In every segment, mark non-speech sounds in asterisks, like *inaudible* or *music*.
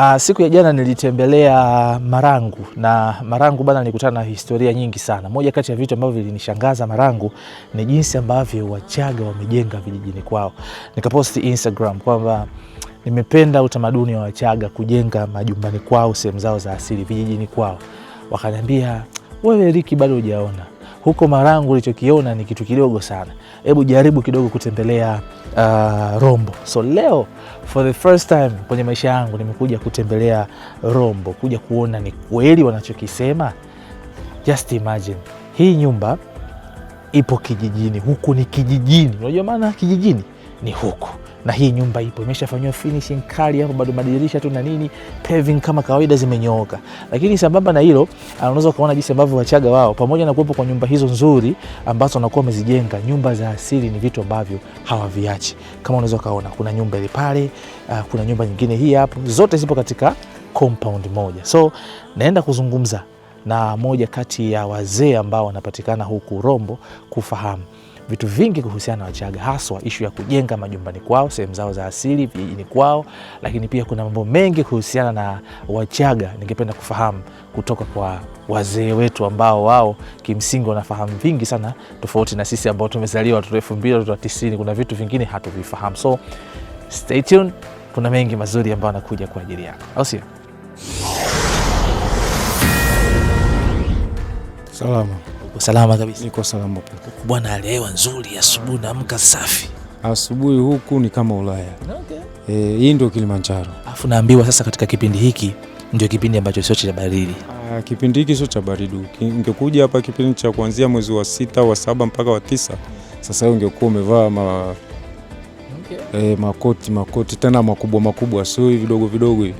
Uh, siku ya jana nilitembelea Marangu na Marangu bana, nilikutana na historia nyingi sana. Moja kati ya vitu ambavyo vilinishangaza Marangu ni jinsi ambavyo Wachaga wamejenga vijijini kwao. Nikaposti Instagram kwamba nimependa utamaduni wa Wachaga kujenga majumbani kwao, sehemu zao za asili, vijijini kwao. Wakaniambia wewe Riki, bado hujaona huko Marangu ulichokiona ni kitu kidogo sana. Hebu jaribu kidogo kutembelea uh, Rombo. So leo for the first time kwenye maisha yangu nimekuja kutembelea Rombo, kuja kuona ni kweli wanachokisema. Just imagine hii nyumba ipo kijijini, huku ni kijijini. Unajua maana kijijini ni huku na hii nyumba ipo imeshafanyiwa finishing kali hapo, bado madirisha tu na nini, paving kama kawaida zimenyooka. Lakini sababu na hilo, ah, unaweza kuona jinsi ambavyo Wachaga wao pamoja na kuwepo kwa nyumba hizo nzuri ambazo wanakuwa wamezijenga, nyumba za asili ni vitu ambavyo hawaviachi. Kama unaweza kuona kuna nyumba ile pale, uh, kuna nyumba nyingine hii hapo, zote zipo katika compound moja. So naenda kuzungumza na moja kati ya wazee ambao wanapatikana huku Rombo kufahamu vitu vingi kuhusiana na Wachaga, haswa ishu ya kujenga majumbani kwao, sehemu zao za asili, vijijini kwao, lakini pia kuna mambo mengi kuhusiana na Wachaga ningependa kufahamu kutoka kwa wazee wetu ambao wao kimsingi wanafahamu vingi sana, tofauti na sisi ambao tumezaliwa watoto elfu mbili watoto tisini. Kuna vitu vingine hatuvifahamu, so stay tuned, kuna mengi mazuri ambayo anakuja kwa ajili yako, au sio? Salama. Salama kabisa. Niko salama bwana, hali ya hewa nzuri, asubuhi naamka safi. Asubuhi huku ni kama Ulaya. Okay. E, hii ndio Kilimanjaro. Alafu naambiwa sasa katika kipindi hiki ndio kipindi ambacho sio cha baridi. Ah, kipindi hiki sio cha baridi. Ungekuja hapa kipindi cha kuanzia mwezi wa sita wa saba mpaka wa tisa, sasa ungekuwa umevaa ma... okay. e, makoti makoti tena makubwa makubwa, sio vidogo vidogo hivi.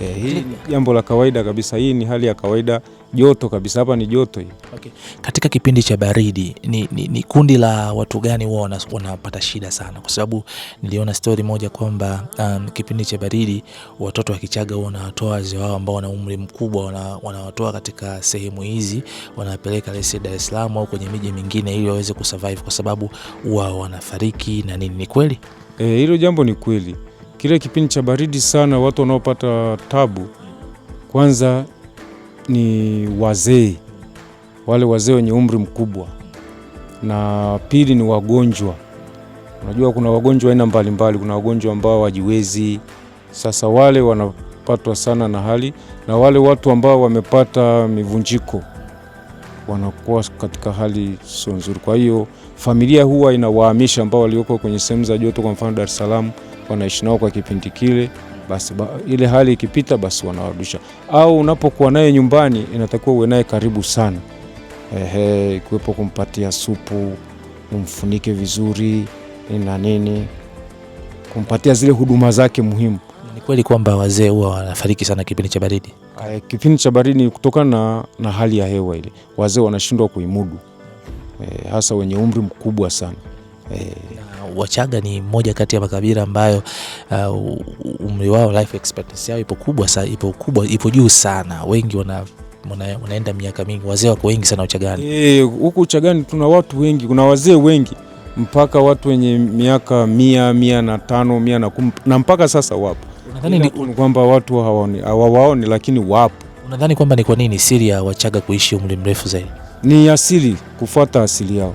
E, hii jambo la kawaida kabisa, hii ni hali ya kawaida joto kabisa, hapa ni joto hii. Okay. Katika kipindi cha baridi ni, ni, ni kundi la watu gani huwa wanapata shida sana? Kwa sababu niliona stori moja kwamba um, kipindi cha baridi watoto wa Kichaga huwa wanawatoa wazee wao ambao wana umri mkubwa, wanawatoa wana katika sehemu hizi wanawapeleka lese Dar es Salaam au kwenye miji mingine ili waweze kusurvive kwa sababu huwa wanafariki na nini. Ni kweli eh, hilo? E, jambo ni kweli. Kile kipindi cha baridi sana watu wanaopata tabu kwanza ni wazee, wale wazee wenye umri mkubwa, na pili ni wagonjwa. Unajua kuna wagonjwa aina mbalimbali, kuna wagonjwa ambao wajiwezi. Sasa wale wanapatwa sana na hali, na wale watu ambao wamepata mivunjiko wanakuwa katika hali sio nzuri. Kwa hiyo familia huwa inawahamisha ambao walioko kwenye sehemu za joto, kwa mfano Dar es Salaam, wanaishi nao kwa kipindi kile basi ba, ile hali ikipita basi wanawarudisha, au unapokuwa naye nyumbani inatakiwa uwe naye karibu sana. Ehe, kuwepo kumpatia supu, umfunike vizuri na nini, kumpatia zile huduma zake muhimu. Ni kweli kwamba wazee huwa wanafariki sana kipindi cha baridi. Eh, kipindi cha baridi kutokana na, na hali ya hewa ile wazee wanashindwa kuimudu, e, hasa wenye umri mkubwa sana e. Wachaga ni moja kati ya makabila ambayo uh, umri wao life expectancy yao ipo kubwa, ipo kubwa, ipo juu sana. Wengi wana unaenda miaka mingi, wazee wako wengi sana Uchagani eh, huku. Uchagani tuna watu wengi, kuna wazee wengi mpaka watu wenye miaka mia, mia na tano, mia na kumi na mpaka sasa wapo. Nadhani kwamba watu hawaoni, hawaoni lakini wapo. Unadhani kwamba ni kwa nini siri ya Wachaga kuishi umri mrefu zaidi? Ni asili, kufuata asili yao.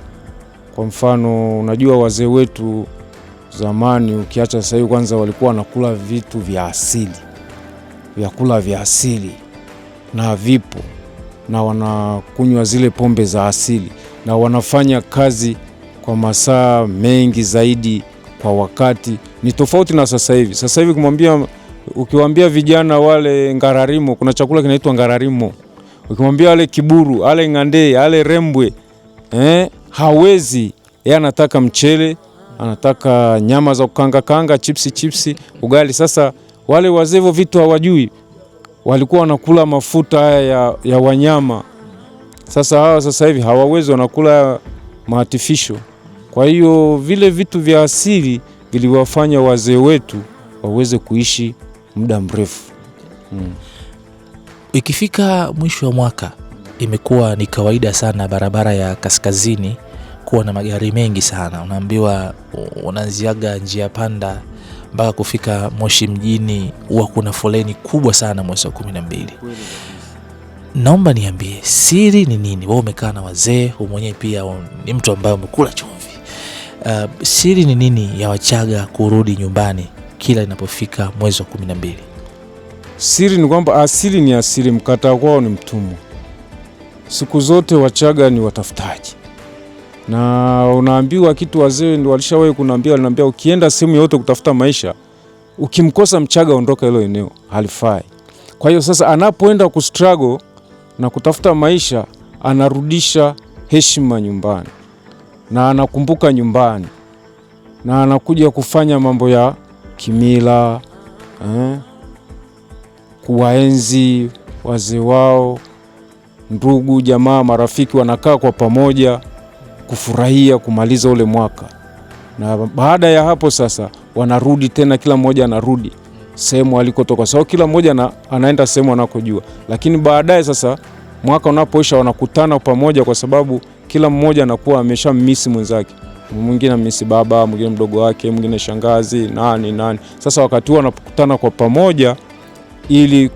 Kwa mfano, unajua wazee wetu zamani, ukiacha sasa hivi, kwanza walikuwa wanakula vitu vya asili, vyakula vya asili na vipo, na wanakunywa zile pombe za asili, na wanafanya kazi kwa masaa mengi zaidi kwa wakati. Ni tofauti na sasa hivi. Sasa hivi kumwambia, ukiwaambia vijana wale ngararimo, kuna chakula kinaitwa ngararimo, ukimwambia wale kiburu, ale ng'ande, ale rembwe eh? hawezi yeye, anataka mchele, anataka nyama za kukanga kanga, chipsi chipsi, ugali. Sasa wale wazee hivyo vitu hawajui, walikuwa wanakula mafuta haya ya, ya wanyama. Sasa hawa sasa hivi hawawezi, wanakula maatifisho. Kwa hiyo vile vitu vya asili viliwafanya wazee wetu waweze kuishi muda mrefu hmm. Ikifika mwisho wa mwaka, imekuwa ni kawaida sana barabara ya kaskazini kuwa na magari mengi sana, unaambiwa unaanziaga njia panda mpaka kufika Moshi mjini huwa kuna foleni kubwa sana mwezi wa kumi na mbili. Naomba niambie siri ni nini? Wewe umekaa na wazee, mwenyewe pia ni mtu ambaye umekula chumvi. Uh, siri ni nini ya Wachaga kurudi nyumbani kila inapofika mwezi wa kumi na mbili? Siri ni kwamba asili ah, ni asili, mkataa kwao ni mtumwa. Siku zote Wachaga ni watafutaji na unaambiwa kitu, wazee ndio walishawahi kunambia, walinambia ukienda sehemu yote kutafuta maisha, ukimkosa Mchaga ondoka hilo eneo, halifai. Kwa hiyo sasa anapoenda kustruggle na kutafuta maisha, anarudisha heshima nyumbani na anakumbuka nyumbani na anakuja kufanya mambo ya kimila eh, kuwaenzi wazee wao, ndugu, jamaa, marafiki, wanakaa kwa pamoja kufurahia kumaliza ule mwaka, na baada ya hapo sasa wanarudi tena, kila mmoja anarudi sehemu alikotoka, sababu kila mmoja na, anaenda sehemu anakojua, lakini baadaye sasa mwaka unapoisha wanakutana pamoja, kwa sababu kila mmoja anakuwa amesha mmisi mwenzake, mwingine amisi baba, mwingine mdogo wake, mwingine shangazi, nani nani. Sasa wakati huo wanakutana kwa pamoja ili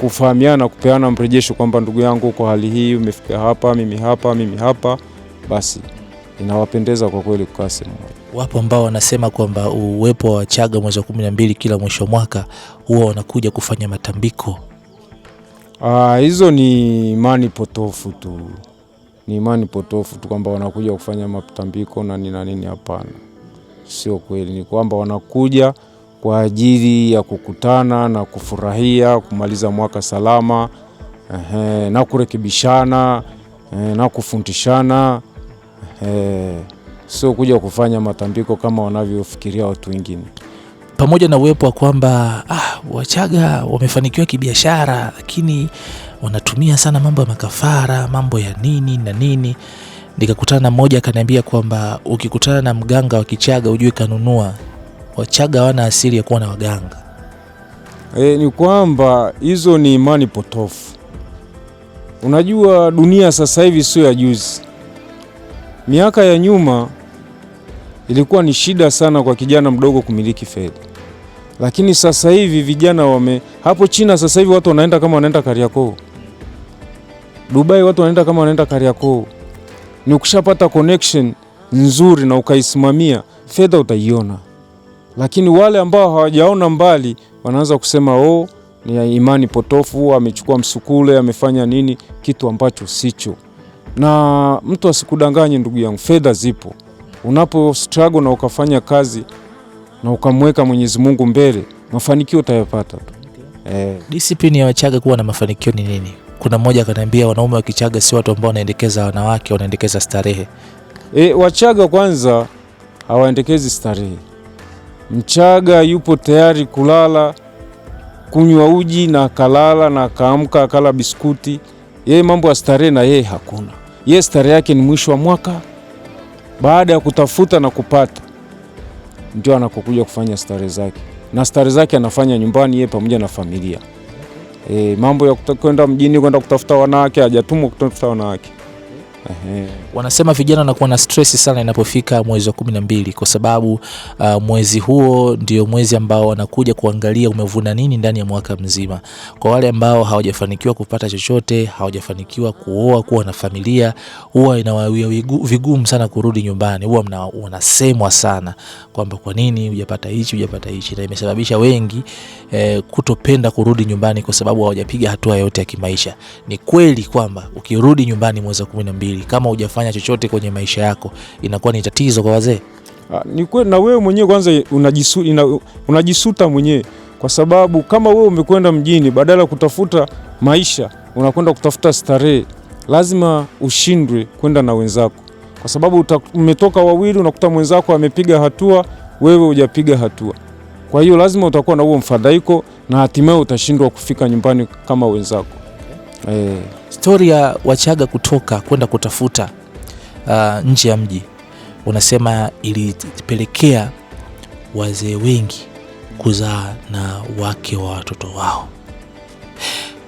kufahamiana kupeana mrejesho kwamba ndugu yangu, kwa hali hii umefika hapa, mimi hapa, mimi hapa basi inawapendeza kwa kweli kukaa sehemu moja. Wapo ambao wanasema kwamba uwepo wa Wachaga mwezi wa kumi na mbili kila mwisho mwaka huwa wanakuja kufanya matambiko. Aa, ah, hizo ni imani potofu tu, ni imani potofu tu kwamba wanakuja kufanya matambiko na nini na nini. Hapana, sio kweli. Ni kwamba wanakuja kwa ajili ya kukutana na kufurahia kumaliza mwaka salama, ehe, na kurekebishana, ehe, na kufundishana eh, sio kuja kufanya matambiko kama wanavyofikiria watu wengine. Pamoja na uwepo wa kwamba ah, Wachaga wamefanikiwa kibiashara, lakini wanatumia sana mambo ya makafara, mambo ya nini na nini. Nikakutana na mmoja akaniambia kwamba ukikutana na mganga wa Kichaga ujue kanunua. Wachaga hawana asili ya kuwa na waganga. E, ni kwamba hizo ni imani potofu. Unajua dunia sasa hivi sio ya juzi Miaka ya nyuma ilikuwa ni shida sana kwa kijana mdogo kumiliki fedha, lakini sasa hivi vijana wame hapo China, sasa hivi watu wanaenda kama wanaenda Kariakoo, Dubai watu wanaenda kama wanaenda Kariakoo. Ni ukishapata connection nzuri na ukaisimamia fedha utaiona, lakini wale ambao hawajaona mbali wanaanza kusema oh, ni imani potofu, amechukua msukule, amefanya nini, kitu ambacho sicho na mtu asikudanganye ndugu yangu, fedha zipo. Unapo struggle na ukafanya kazi na ukamweka Mwenyezi Mungu mbele, mafanikio utayapata tu. Eh, discipline ya Wachaga kuwa na mafanikio ni nini? Kuna mmoja akaniambia wanaume wa Kichaga si watu ambao wanaendekeza wanawake, wanaendekeza starehe. E, Wachaga kwanza hawaendekezi starehe. Mchaga yupo tayari kulala, kunywa uji na akalala na akaamka akala biskuti. Yeye mambo ya starehe na yeye hakuna yes, tarehe yake ni mwisho wa mwaka. Baada ya kutafuta na kupata, ndio anakokuja kufanya starehe zake, na starehe zake anafanya nyumbani yeye pamoja na familia. E, mambo ya kwenda mjini kwenda kutafuta wanawake hajatumwa kutafuta wanawake. Uhum. Wanasema vijana wanakuwa na stress sana inapofika mwezi wa kumi na mbili kwa sababu uh, mwezi huo ndio mwezi ambao wanakuja kuangalia umevuna nini ndani ya mwaka mzima. Kwa wale ambao hawajafanikiwa kupata chochote, hawajafanikiwa kuoa, kuwa na familia, huwa inawawia vigumu sana kurudi nyumbani, huwa wanasemwa sana kwamba kwa nini hujapata hichi, hujapata hichi, na imesababisha wengi eh, kutopenda kurudi nyumbani kwa sababu hawajapiga hatua yote ya kimaisha. Ni kweli kwamba ukirudi nyumbani mwezi wa kumi na mbili kuajiri kama hujafanya chochote kwenye maisha yako, inakuwa ni tatizo kwa wazee. Ah, ni na wewe mwenyewe kwanza unajisuta, unajisuta mwenyewe kwa sababu kama wewe umekwenda mjini badala ya kutafuta maisha unakwenda kutafuta starehe, lazima ushindwe kwenda na wenzako, kwa sababu umetoka wawili, unakuta mwenzako amepiga hatua, wewe hujapiga hatua. Kwa hiyo lazima utakuwa na huo mfadhaiko na hatimaye utashindwa kufika nyumbani kama wenzako hey. Eh, Stori ya Wachaga kutoka kwenda kutafuta uh, nje ya mji unasema ilipelekea wazee wengi kuzaa na wake wa watoto wao,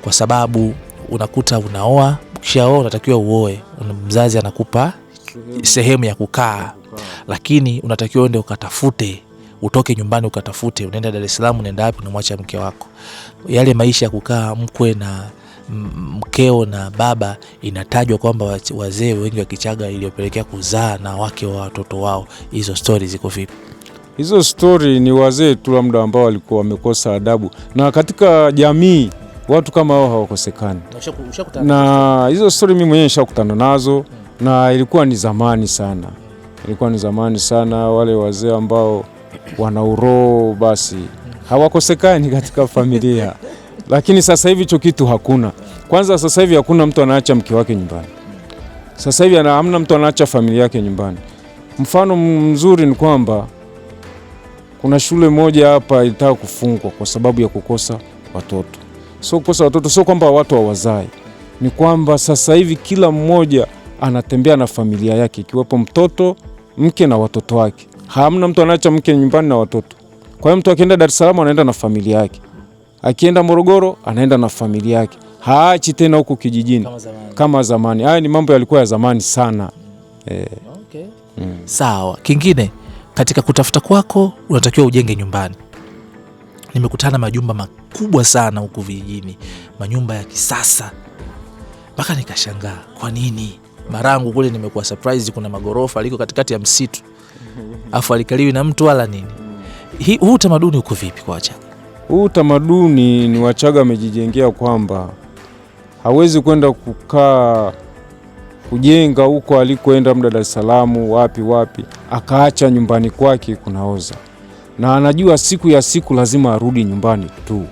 kwa sababu unakuta unaoa, ukishaoa unatakiwa uoe, mzazi anakupa sehemu ya kukaa, lakini unatakiwa uende ukatafute, utoke nyumbani ukatafute, unaenda Dar es Salaam, unaenda wapi, unamwacha mke wako, yale maisha ya kukaa mkwe na mkeo na baba, inatajwa kwamba wazee wengi wa Kichaga iliyopelekea kuzaa na wake wa watoto wao. Hizo stori ziko vipi? Hizo stori ni wazee tu, labda ambao walikuwa wamekosa adabu, na katika jamii watu kama hao hawakosekani, na hizo stori mimi mwenyewe nishakutana nazo hmm. na ilikuwa ni zamani sana, ilikuwa ni zamani sana. Wale wazee ambao wana uroho basi hmm. hawakosekani katika familia *laughs* lakini sasa hivi hicho kitu hakuna. Kwanza sasa hivi hakuna mtu anaacha mke wake nyumbani, sasa hivi hamna mtu anaacha familia yake nyumbani. Mfano mzuri ni kwamba kuna shule moja hapa ilitaka kufungwa kwa sababu ya kukosa watoto. Sio kukosa watoto, sio kwamba watu hawazai, ni kwamba sasa hivi kila mmoja anatembea na familia yake, ikiwepo mtoto, mke na watoto wake. Hamna mtu anaacha mke nyumbani na watoto. Kwa hiyo mtu akienda Dar es Salaam anaenda na familia yake. Akienda Morogoro anaenda na familia yake, haachi tena huku kijijini kama zamani, Haya ni mambo yalikuwa ya zamani sana e. Okay. Mm. Sawa, kingine katika kutafuta kwako unatakiwa ujenge nyumbani. Nimekutana majumba makubwa sana huku vijijini, manyumba ya kisasa mpaka nikashangaa kwa nini. Marangu kule nimekuwa surprise, kuna magorofa aliko katikati ya msitu *laughs* afu alikaliwi na mtu wala nini. Hii huu utamaduni uko vipi kwa Wachaga? Huu utamaduni ni Wachaga wamejijengea kwamba hawezi kwenda kukaa kujenga huko alikoenda muda Dar es Salaam wapi wapi, akaacha nyumbani kwake kunaoza, na anajua siku ya siku lazima arudi nyumbani tu.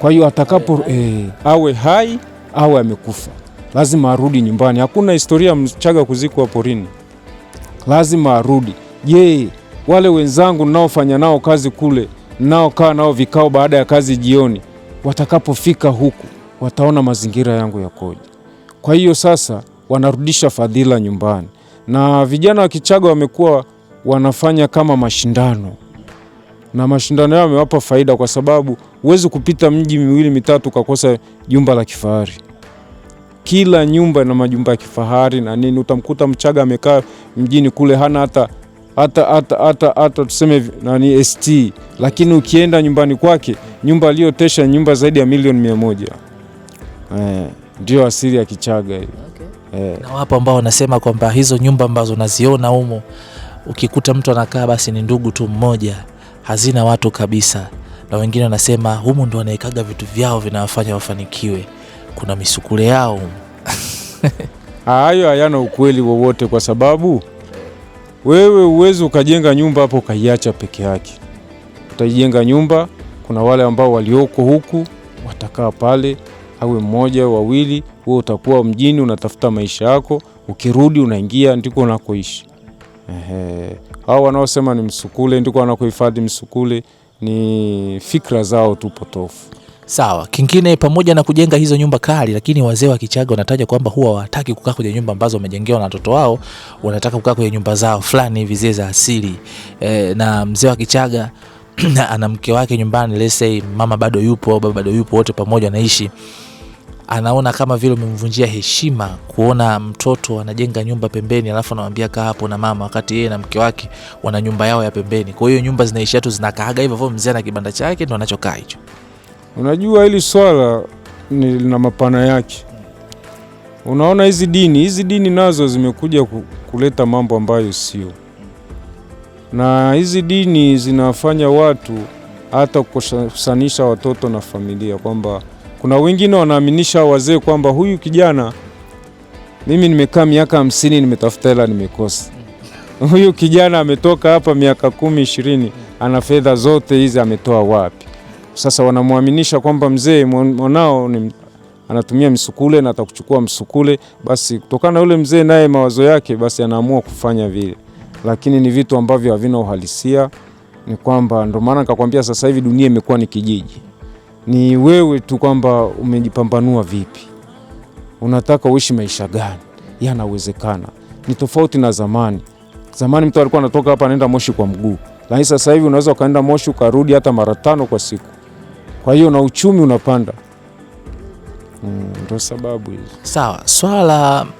Kwa hiyo atakapo eh, awe hai awe amekufa, lazima arudi nyumbani. Hakuna historia Mchaga kuzikwa porini, lazima arudi. Je, wale wenzangu naofanya nao kazi kule mnaokaa nao vikao baada ya kazi jioni, watakapofika huku wataona mazingira yangu yakoje. Kwa hiyo sasa wanarudisha fadhila nyumbani, na vijana wa Kichaga wamekuwa wanafanya kama mashindano, na mashindano yao yamewapa faida, kwa sababu huwezi kupita mji miwili mitatu ukakosa jumba la kifahari. Kila nyumba na majumba ya kifahari na nini. Utamkuta Mchaga amekaa mjini kule hana hata hata hata hata hata tuseme nani ST, lakini ukienda nyumbani kwake, nyumba aliyotesha nyumba zaidi ya milioni mia moja. Eh, ndio asili ya Kichaga hiyo. Okay. Eh. Na wapo ambao wanasema kwamba hizo nyumba ambazo unaziona humo ukikuta mtu anakaa basi ni ndugu tu mmoja, hazina watu kabisa, na wengine wanasema humu ndo wanaekaga vitu vyao vinawafanya wafanikiwe, kuna misukule yao *laughs* Hayo hayana ukweli wowote kwa sababu wewe uwezi ukajenga nyumba hapo ukaiacha peke yake. Utaijenga nyumba, kuna wale ambao walioko huku watakaa pale, awe mmoja wawili. Wewe utakuwa mjini unatafuta maisha yako, ukirudi unaingia ndiko unakoishi. Ehe, hao wanaosema ni msukule ndiko wanakohifadhi msukule, ni fikra zao tu potofu. Sawa, kingine pamoja na kujenga hizo nyumba kali, lakini wazee wa Kichaga wanataja kwamba huwa hawataki kukaa kwenye nyumba ambazo wamejengewa na watoto wao, wanataka kukaa kwenye nyumba zao fulani hivi zile za asili e, na mzee wa Kichaga *clears throat* ana mke wake nyumbani, let's say mama bado yupo au baba bado yupo, wote pamoja wanaishi anaona kama vile umemvunjia heshima kuona mtoto anajenga nyumba pembeni, alafu anamwambia kaa hapo na mama, wakati yeye na mke wake wana nyumba yao ya pembeni. Kwa hiyo nyumba zinaishia tu zinakaaga hivyo, hivyo, mzee ana kibanda chake ndo anachokaa hicho. Unajua hili swala lina mapana yake. Unaona hizi dini hizi dini nazo zimekuja kuleta mambo ambayo sio, na hizi dini zinafanya watu hata kusanisha watoto na familia, kwamba kuna wengine wanaaminisha wazee kwamba huyu kijana, mimi nimekaa miaka hamsini nimetafuta hela nimekosa, huyu kijana ametoka hapa miaka kumi ishirini ana fedha zote hizi ametoa wapi? Sasa wanamwaminisha kwamba mzee mwanao ni anatumia msukule na atakuchukua msukule, basi kutokana na yule mzee naye mawazo yake, basi anaamua kufanya vile, lakini ni vitu ambavyo havina uhalisia. Ni kwamba ndio maana nikakwambia sasa hivi dunia imekuwa ni kijiji, ni wewe tu kwamba umejipambanua vipi, unataka uishi maisha gani? Yanawezekana, ni tofauti na zamani. Zamani mtu alikuwa anatoka hapa anaenda Moshi kwa mguu, lakini sasa hivi unaweza ukaenda Moshi ukarudi hata mara tano kwa siku. Kwa hiyo na uchumi unapanda. ndo mm, sababu hizo. Sawa, swala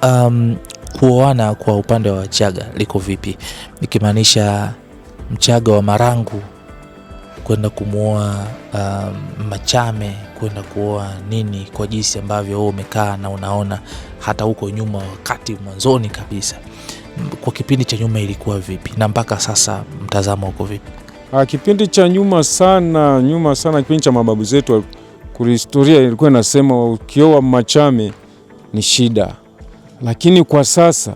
la um, kuoana kwa upande wa Wachaga liko vipi? ikimaanisha Mchaga wa Marangu kwenda kumwoa um, Machame kwenda kuoa nini, kwa jinsi ambavyo huo umekaa na unaona hata huko nyuma, wakati mwanzoni kabisa, kwa kipindi cha nyuma ilikuwa vipi na mpaka sasa mtazamo uko vipi? Ah, kipindi cha nyuma sana, nyuma sana, kipindi cha mababu zetu, historia ilikuwa inasema ukioa Machame ni shida, lakini kwa sasa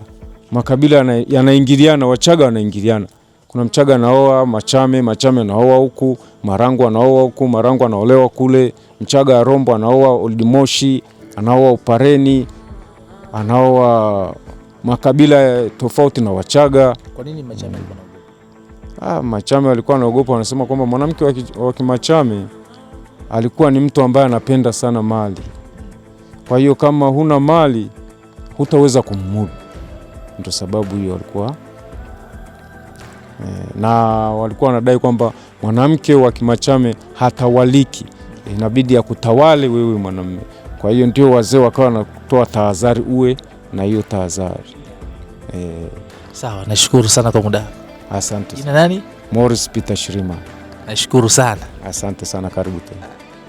makabila yanaingiliana, Wachaga wanaingiliana. Kuna Mchaga anaoa Machame, Machame anaoa huku, Marangu anaoa huku, Marangu anaolewa kule, Mchaga Arombo anaoa Oldimoshi, anaoa Upareni, anaoa makabila tofauti na Wachaga. Kwa nini Machame? Ah, Machame walikuwa wanaogopa, wanasema kwamba mwanamke wa Kimachame alikuwa ni mtu ambaye anapenda sana mali, kwa hiyo kama huna mali hutaweza kumudu. Ndio sababu hiyo walikuwa e, eh, na walikuwa wanadai kwamba mwanamke wa Kimachame hatawaliki, inabidi e, kutawale wewe mwanamume. Kwa hiyo ndio wazee wakawa wanatoa tahadhari, uwe na hiyo tahadhari e. Sawa, nashukuru sana kwa muda Asante. Jina nani? Morris Peter Shirima. Nashukuru sana. Asante sana, karibu tena.